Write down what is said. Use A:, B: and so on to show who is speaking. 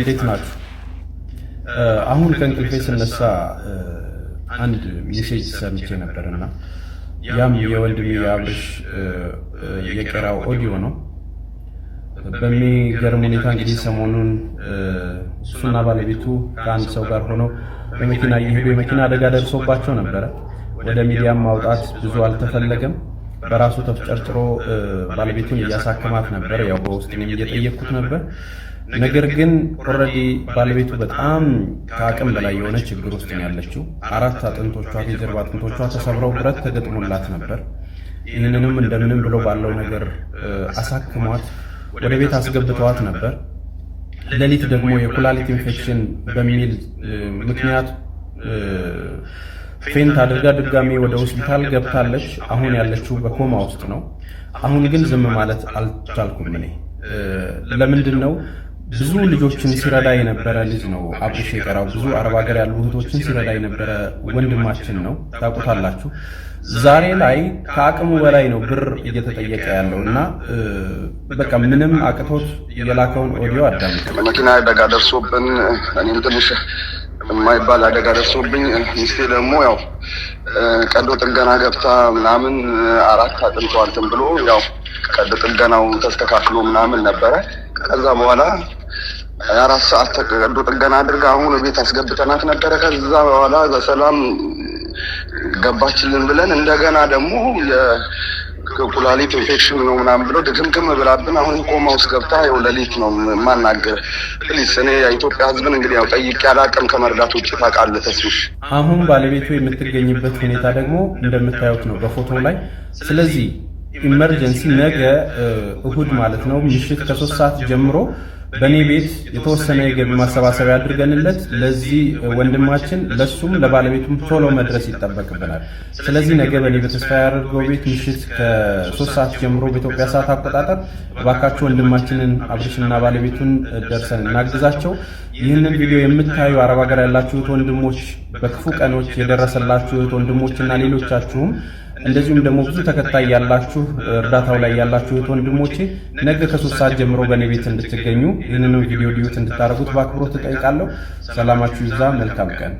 A: እንዴት ናችሁ? አሁን ከእንቅልፌ ስነሳ አንድ ሜሴጅ ሰምቼ ነበርና ያም የወንድሜ የአብርሽ የቀራው ኦዲዮ ነው። በሚገርም ሁኔታ እንግዲህ ሰሞኑን እሱና ባለቤቱ ከአንድ ሰው ጋር ሆነው በመኪና እየሄዱ የመኪና አደጋ ደርሶባቸው ነበረ። ወደ ሚዲያም ማውጣት ብዙ አልተፈለገም። በራሱ ተፍጨርጭሮ ባለቤቱን እያሳከማት ነበር። ያው በውስጥ እየጠየቅኩት ነበር ነገር ግን ኦልሬዲ ባለቤቱ በጣም ከአቅም በላይ የሆነ ችግር ውስጥ ነው ያለችው። አራት አጥንቶቿ የጀርባ አጥንቶቿ ተሰብረው ብረት ተገጥሞላት ነበር። ይህንንም እንደምንም ብሎ ባለው ነገር አሳክሟት ወደ ቤት አስገብተዋት ነበር። ሌሊት ደግሞ የኩላሊት ኢንፌክሽን በሚል ምክንያት ፌንት አድርጋ ድጋሚ ወደ ሆስፒታል ገብታለች። አሁን ያለችው በኮማ ውስጥ ነው። አሁን ግን ዝም ማለት አልቻልኩም እኔ ለምንድን ነው ብዙ ልጆችን ሲረዳ የነበረ ልጅ ነው አብርሽ የቀራው ብዙ አረብ ሀገር ያሉ እህቶችን ሲረዳ የነበረ ወንድማችን ነው፣ ታውቁታላችሁ። ዛሬ ላይ ከአቅሙ በላይ ነው ብር እየተጠየቀ ያለው እና በቃ ምንም አቅቶት የላከውን ኦዲዮ አዳምጡ።
B: መኪና አደጋ ደርሶብን እኔም ትንሽ የማይባል አደጋ ደርሶብኝ ሚስቴ ደግሞ ያው ቀዶ ጥገና ገብታ ምናምን አራት አጥንቷል ብሎ ያው ቀዶ ጥገናው ተስተካክሎ ምናምን ነበረ ከዛ በኋላ አራት ሰዓት ተቀዶ ጥገና አድርጋ አሁን ቤት አስገብተናት ነበረ። ከዛ በኋላ በሰላም ገባችልን ብለን እንደገና ደግሞ ኩላሊት ኢንፌክሽን ነው ምናምን ብሎ ድክምክም ብላብን አሁን ኮማ ውስጥ ገብታ ው ለሊት ነው የማናገር። ፕሊስ እኔ የኢትዮጵያ ሕዝብን እንግዲህ ያው ጠይቄ አላቅም ከመርዳት ውጭ ታውቃለህ ተስሽ።
A: አሁን ባለቤቱ የምትገኝበት ሁኔታ ደግሞ እንደምታዩት ነው በፎቶ ላይ። ስለዚህ ኢመርጀንሲ ነገ እሁድ ማለት ነው ምሽት ከሶስት ሰዓት ጀምሮ በእኔ ቤት የተወሰነ የገቢ ማሰባሰቢያ አድርገንለት ለዚህ ወንድማችን ለሱም ለባለቤቱም ቶሎ መድረስ ይጠበቅብናል። ስለዚህ ነገ በእኔ በተስፋ ያደርገው ቤት ምሽት ከሶስት ሰዓት ጀምሮ በኢትዮጵያ ሰዓት አቆጣጠር እባካችሁ ወንድማችንን አብርሽንና ባለቤቱን ደርሰን እናግዛቸው። ይህንን ቪዲዮ የምታዩ አረብ ሀገር ያላችሁት ወንድሞች፣ በክፉ ቀኖች የደረሰላችሁት ወንድሞችና ሌሎቻችሁም እንደዚሁም ደግሞ ብዙ ተከታይ ያላችሁ እርዳታው ላይ ያላችሁ እህት ወንድሞቼ ነገ ከሶስት ሰዓት ጀምሮ በእኔ ቤት እንድትገኙ ይህንንም ቪዲዮ ዲዩት እንድታደርጉት በአክብሮት እጠይቃለሁ። ሰላማችሁ ይዛ መልካም ቀን